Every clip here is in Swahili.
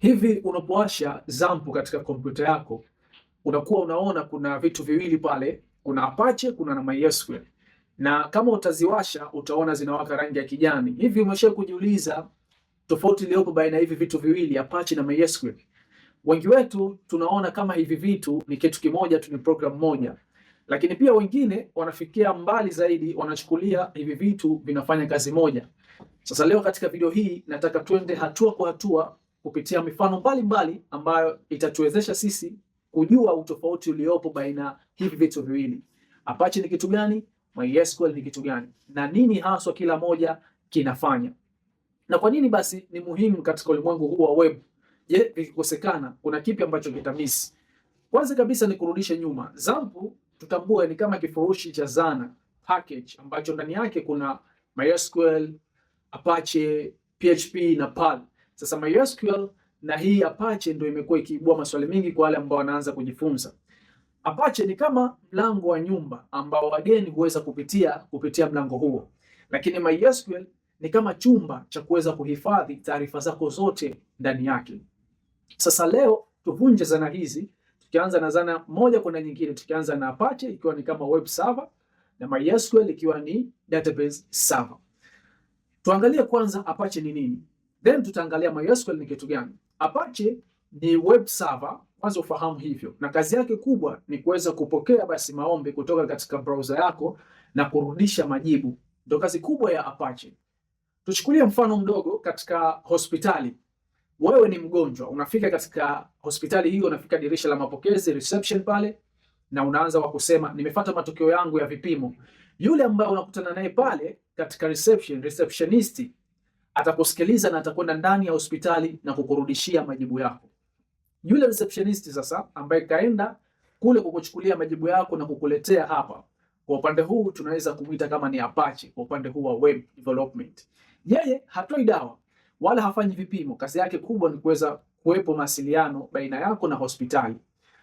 Hivi unapowasha zampu katika kompyuta yako unakuwa unaona kuna vitu viwili pale, kuna Apache kuna na MySQL, na kama utaziwasha utaona zinawaka rangi ya kijani. Hivi umesha kujiuliza tofauti iliyopo baina hivi vitu viwili Apache na MySQL? Wengi wetu tunaona kama hivi vitu ni kitu kimoja tu, ni program moja, lakini pia wengine wanafikia mbali zaidi, wanachukulia hivi vitu vinafanya kazi moja. Sasa leo katika video hii nataka tuende hatua kwa hatua kupitia mifano mbalimbali mbali ambayo itatuwezesha sisi kujua utofauti uliopo baina hivi vitu viwili. Apache ni kitu gani? MySQL ni kitu gani? Na nini haswa kila moja kinafanya? Na kwa nini basi ni muhimu katika ulimwengu huu wa web? Je, vikikosekana kuna kipi ambacho kitamisi? Kwanza kabisa ni kurudisha nyuma. Xampp tutambue ni kama kifurushi cha zana package ambacho ndani yake kuna MySQL, Apache, PHP na Perl. Sasa MySQL na hii Apache ndio imekuwa ikiibua maswali mengi kwa wale ambao wanaanza kujifunza. Apache ni kama mlango wa nyumba ambao wageni huweza kupitia kupitia mlango huo, lakini MySQL ni kama chumba cha kuweza kuhifadhi taarifa zako zote ndani yake. Sasa leo tuvunje zana hizi, tukianza na zana moja kwenda nyingine, tukianza na Apache ikiwa ni kama web server na MySQL ikiwa ni database server. Tuangalie kwanza Apache ni nini. Then tutaangalia MySQL ni kitu gani. Apache ni web server, kwanza ufahamu hivyo, na kazi yake kubwa ni kuweza kupokea basi maombi kutoka katika browser yako na kurudisha majibu, ndio kazi kubwa ya Apache. Tuchukulie mfano mdogo katika hospitali. Wewe ni mgonjwa, unafika katika hospitali hiyo, unafika dirisha la mapokezi reception pale, na unaanza wa kusema nimefuata matokeo yangu ya vipimo. Yule ambaye unakutana naye pale katika reception, receptionist atakusikiliza na atakwenda ndani ya hospitali na kukurudishia majibu yako. Yule receptionist sasa ambaye kaenda kule kukuchukulia majibu yako na kukuletea hapa, kwa upande huu tunaweza kumuita kama ni Apache kwa upande huu wa web development. Yeye hatoi dawa wala hafanyi vipimo, kazi yake kubwa ni kuweza kuwepo mawasiliano baina yako na hospitali.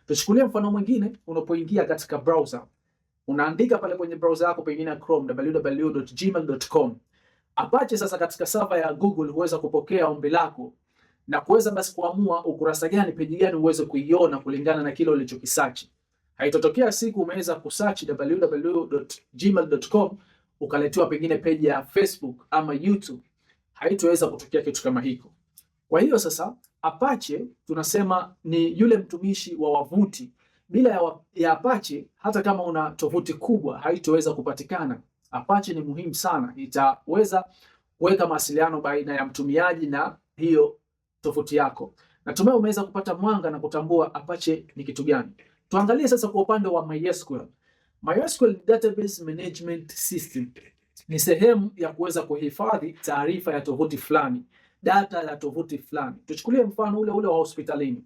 Tuchukulie mfano mwingine, unapoingia katika browser unaandika pale kwenye browser yako pengine Chrome, www.gmail.com Apache sasa katika sava ya Google huweza kupokea ombi lako na kuweza basi kuamua ukurasa gani, peji gani uweze kuiona kulingana na kile ulichokisearch. Haitotokea siku umeweza kusearch www.gmail.com ukaletewa pengine peji ya Facebook ama YouTube. Haitoweza kutokea kitu kama hiko. Kwa hiyo sasa Apache tunasema ni yule mtumishi wa wavuti. Bila ya, wa, ya Apache hata kama una tovuti kubwa haitoweza kupatikana. Apache ni muhimu sana, itaweza kuweka mawasiliano baina ya mtumiaji na hiyo tovuti yako. Natumai umeweza kupata mwanga na kutambua Apache ni kitu gani. Tuangalie sasa kwa upande wa MySQL. MySQL Database Management System ni sehemu ya kuweza kuhifadhi taarifa ya tovuti fulani, data ya tovuti fulani. Tuchukulie mfano ule ule wa hospitalini,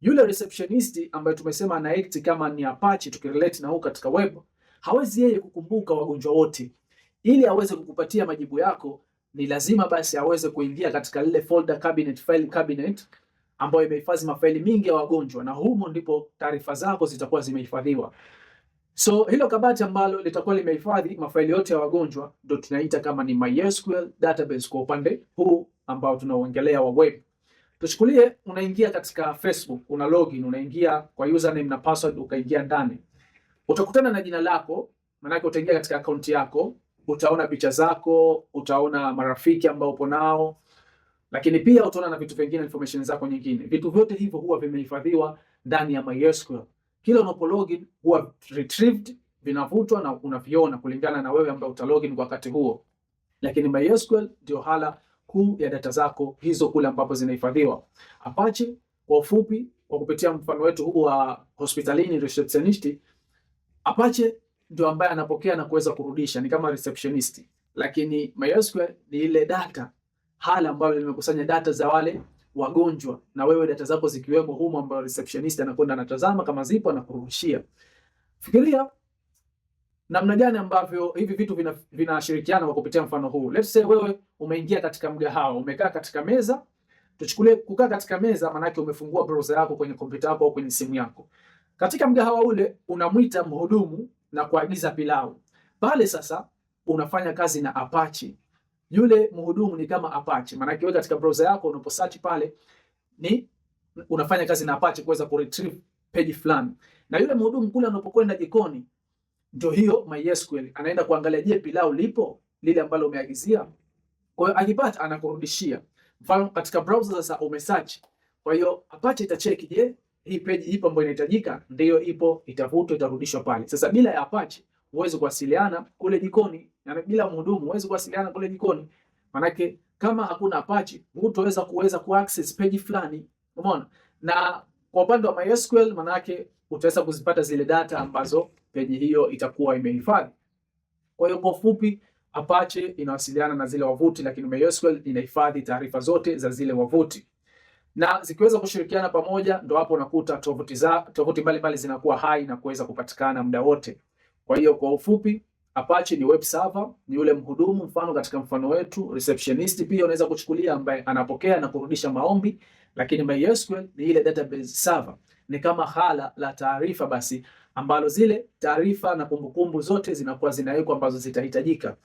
yule receptionist ambaye tumesema anaact kama ni Apache, tukirelate na huko katika web, hawezi yeye kukumbuka wagonjwa wote. Ili aweze kukupatia majibu yako, ni lazima basi aweze kuingia katika lile folder cabinet, file cabinet ambayo imehifadhi mafaili mingi ya wagonjwa, na humo ndipo taarifa zako zitakuwa zimehifadhiwa. So hilo kabati ambalo litakuwa limehifadhi mafaili yote ya wagonjwa ndio tunaita kama ni MySQL database kwa upande huu ambao tunaongelea wa web. Tuchukulie unaingia katika Facebook, una login, unaingia kwa username na password, ukaingia ndani utakutana na jina lako, maanake utaingia katika akaunti yako, utaona picha zako, utaona marafiki ambao upo nao, lakini pia utaona na vitu vingine, information zako nyingine. Vitu vyote hivyo huwa vimehifadhiwa ndani ya MySQL. Kila unapo login huwa retrieved, vinavutwa na unaviona kulingana na wewe ambaye utalogin kwa wakati huo, lakini MySQL ndio hala kuu ya data zako hizo kule ambapo zinahifadhiwa. Apache kwa ufupi, kwa kupitia mfano wetu huu wa hospitalini receptionist Apache ndio ambaye anapokea na kuweza kurudisha, ni kama receptionist, lakini MySQL ni ile data hali ambayo limekusanya data za wale wagonjwa, na wewe data zako zikiwemo humo, ambayo receptionist anakwenda anatazama kama zipo na kurudishia. Fikiria namna gani ambavyo hivi vitu vinashirikiana vina kwa kupitia mfano huu. Let's say wewe umeingia katika mgahawa, umekaa katika meza. Tuchukulie kukaa katika meza, maanake umefungua browser yako kwenye kompyuta yako au kwenye simu yako. Katika mgahawa ule unamwita mhudumu na kuagiza pilau. Pale sasa unafanya kazi na Apache. Yule mhudumu ni kama Apache. Maana yake katika browser yako unaposearch pale ni unafanya kazi na Apache kuweza ku retrieve page fulani. Na yule mhudumu kule anapokwenda jikoni ndio hiyo MySQL anaenda kuangalia, je, pilau lipo lile ambalo umeagizia? Kwa hiyo akipata anakurudishia. Mfano katika browser sasa umesearch. Kwa hiyo Apache itacheki, je, hii page ipo ambayo inahitajika, ndio ipo, itavutwa, itarudishwa pale. Sasa bila ya Apache huwezi kuwasiliana kule jikoni, na bila mhudumu huwezi kuwasiliana kule jikoni, manake kama hakuna Apache hutoweza kuweza ku access page fulani, umeona. Na kwa upande wa MySQL, manake utaweza kuzipata zile data ambazo page hiyo itakuwa imehifadhi. Kwa hiyo kwa fupi, Apache inawasiliana na zile wavuti, lakini MySQL inahifadhi taarifa zote za zile wavuti na zikiweza kushirikiana pamoja, ndo hapo unakuta tovuti za tovuti mbalimbali zinakuwa hai na kuweza kupatikana muda wote. Kwa hiyo kwa ufupi, Apache ni web server, ni yule mhudumu, mfano katika mfano wetu receptionist, pia unaweza kuchukulia ambaye anapokea na kurudisha maombi, lakini MySQL ni ile database server, ni kama hala la taarifa basi, ambalo zile taarifa na kumbukumbu zote zinakuwa zinawekwa ambazo zitahitajika.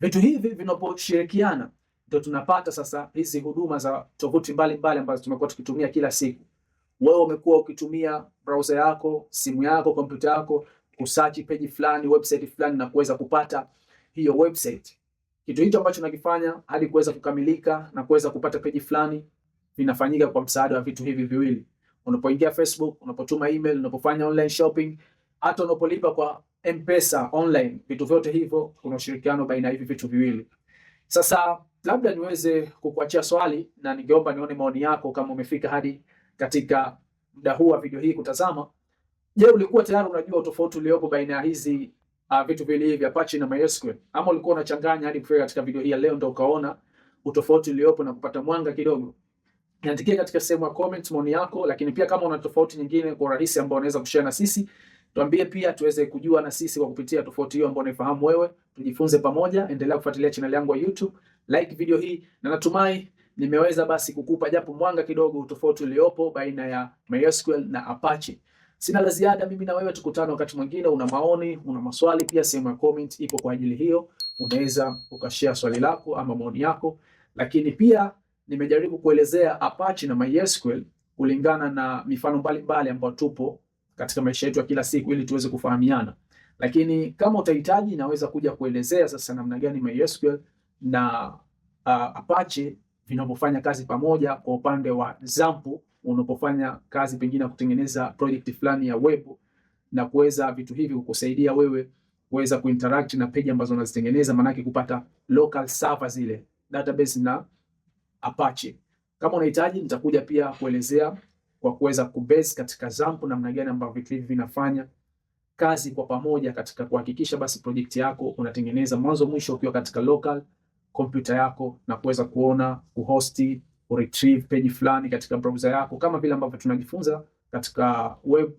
Vitu hivi vinaposhirikiana ndio tunapata sasa hizi huduma za tovuti mbalimbali ambazo tumekuwa tukitumia kila siku. Wewe umekuwa ukitumia browser yako, simu yako, kompyuta yako kusearch page fulani, website fulani na kuweza kupata hiyo website. Kitu hicho ambacho nakifanya hadi kuweza kukamilika na kuweza kupata page fulani vinafanyika kwa msaada wa vitu hivi viwili. Unapoingia Facebook, unapotuma email, unapofanya online shopping, hata unapolipa kwa M-Pesa online, vitu vyote hivyo kuna ushirikiano baina ya hivi vitu viwili. Sasa labda niweze kukuachia swali na ningeomba nione maoni yako kama umefika hadi katika muda huu wa video hii kutazama. Je, ulikuwa tayari unajua utofauti uliopo baina ya hizi uh, vitu viwili vya Apache na MySQL ama ulikuwa unachanganya hadi kufika katika video hii ya leo ndio ukaona utofauti uliopo na kupata mwanga kidogo? Niandikie katika sehemu ya comment maoni yako, lakini pia kama una tofauti nyingine kwa urahisi ambao unaweza kushare na sisi, tuambie pia tuweze kujua na sisi kwa kupitia tofauti hiyo ambayo unaifahamu wewe, tujifunze pamoja. Endelea kufuatilia channel yangu ya YouTube like video hii, na natumai nimeweza basi kukupa japo mwanga kidogo utofauti uliopo baina ya MySQL na Apache. Sina la ziada, mimi na wewe tukutane wakati mwingine. Una maoni, una maswali, pia sehemu ya comment ipo kwa ajili hiyo, unaweza ukashare swali lako ama maoni yako. Lakini pia nimejaribu kuelezea Apache na MySQL kulingana na mifano mbalimbali ambayo tupo katika maisha yetu ya kila siku ili tuweze kufahamiana. Lakini kama utahitaji, naweza kuja kuelezea sasa namna gani MySQL na uh, Apache vinavyofanya kazi pamoja kwa upande wa Xampp unapofanya kazi pengine kutengeneza project fulani ya web na kuweza vitu hivi kukusaidia wewe kuweza kuinteract na page ambazo unazitengeneza, maanake kupata local server zile database na Apache. Kama unahitaji nitakuja pia kuelezea kwa kuweza kubase katika Xampp namna gani ambavyo vitu hivi vinafanya kazi kwa pamoja katika kuhakikisha basi project yako unatengeneza mwanzo mwisho ukiwa katika local kompyuta yako na kuweza kuona, kuhosti, kuretrieve page fulani katika browser yako kama vile ambavyo tunajifunza katika web,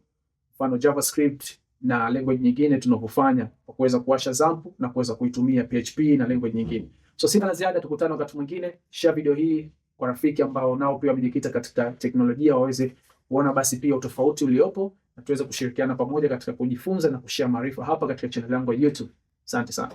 mfano JavaScript na language nyingine tunavyofanya kwa kuweza kuwasha zampu na kuweza kuitumia PHP na language nyingine. So sina la ziada, tukutane wakati mwingine. Share video hii kwa rafiki ambao nao pia wamejikita katika teknolojia waweze kuona basi pia utofauti uliopo na tuweze kushirikiana pamoja katika kujifunza na kushare maarifa hapa katika channel yangu ya YouTube. Asante sana.